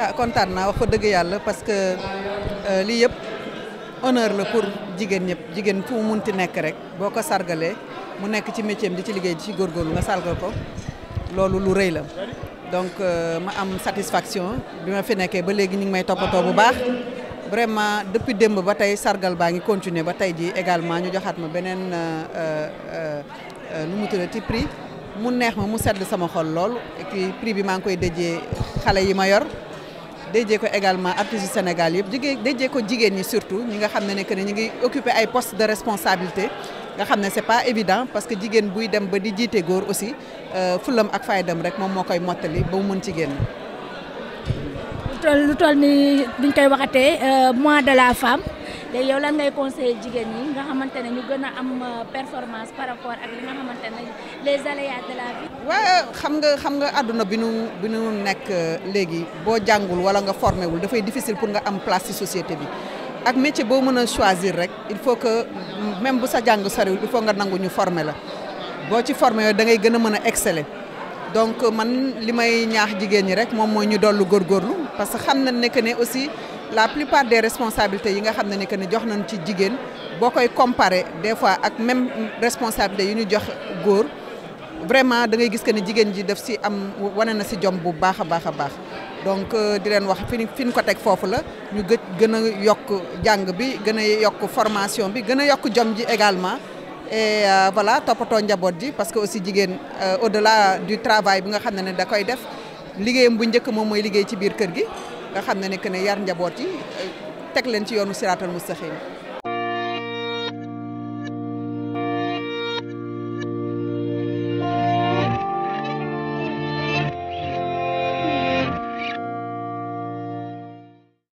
ah kontaan naa wax fa dëgg yàlla parce que euh, lii yëpp honneur la pour jigéen ñëpp jigéen fu mu munti nekk rek boo ko sargalee mu nekk ci métier di ci liggéey di ci góorgóorlu nga sargal ko loolu lu rëy la. donc euh, ma am satisfaction bi ma fi nekkee ba léegi ñu ngi may toppatoo bu baax vraiment depuis démb ba tey sargal baa ngi continuer ba tey ji également ñu joxaat ma beneen euh, nu mu tuddati prix mu neex ma mu sedd sama xol lool et puis prix bi maa ngi koy déjee xale yi ma yor. déjee ko également artistes yu Sénégal yëpp jigéen déjee ko jigéen ñi surtout ñi nga xam ne ne que ne ngi occuper ay postes de responsabilité nga xam ne c'est pas évident parce que jigéen buy dem ba di jiite góor aussi euh, fulam ak dem rek moom moo koy mottali ba mu mën ci génn. lu toll lu toll ni duñ koy waxatee euh, mois de la femme. léegi yow lan ngay conseiller jigéen ñi nga xamante ne ñu gën a am euh, performance par rapport ak li nga xamante ne les aléas de la vie. waaw xam nga xam nga àdduna bi nu bi nu nekk euh, léegi boo jàngul wala nga formé wul dafay difficile pour nga am place ci société bi ak métier boo mën a choisir rek il faut que mm, même bu sa jàng soriwul il faut nga nangu ñu formé la boo ci formé yooyu da ngay gën a mën a exceller donc man li may ñaax jigéen ñi rek moom mooy ñu dollu góorgóorlu parce que xam na aussi. la plus plupart des responsabilité yi nga xam ne ni que ni jox nañ ci jigéen boo koy comparer des fois ak même responsabilité yu ñu jox góor vraiment da ngay gis que ni jigéen ji def si am wane na si jom bu baax a baax a baax donc euh, di leen wax fi fi ñu ko teg foofu la ñu gë gën a yokk jàng bi gën a yokk formation bi gën a yokk jom ji également et euh, voilà toppatoo njaboot ji parce que aussi jigéen euh, au delà du travail bi nga xam ne ne da koy def liggéeyam bu njëkk moom mooy liggéey ci biir kër gi nga xam ne ne que ne yar njaboot yi teg leen ci yoonu siraatal mustaqim